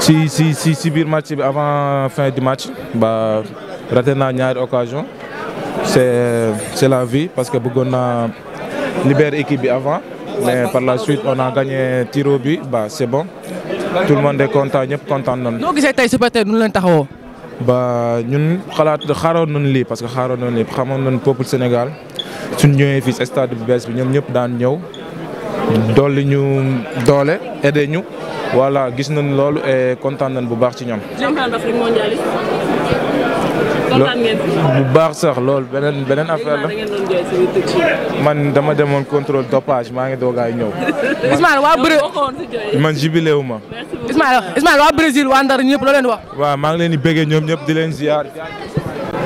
si si si si biir match bi avant fin du match ba raté naa ñaari occasion c'est c'est la vie parce que bëggoon na libérer équipe bi avant mais par la suite on a gagné tiro bi ba c'est bon tout le monde est content ñëpp kontaan nañu. noo gisee tey supporter nu leen taxawoo. ba ñun xalaat xaaroon nañu lii parce que xaaroon nañu lii xamoon nañu peuple Sénégal suñ ñëwee fii stade bu bees bi ñoom ñëpp daan ñëw. dolli ñu doole aidé ñu voilà gis nañ loolu et kontaan nañ bu baax ci ñoom. bu baax sax loolu beneen beneen affaire la man dama demoon contrôle dopage maa ngi doogaay ñëw. Ismaël waa Brésil man jubilé wu ma. Ismaël Ismaël waa Brésil waa Ndar ñëpp loo leen wax. waaw maa ngi leen di bëggee ñoom ñëpp di leen ziar.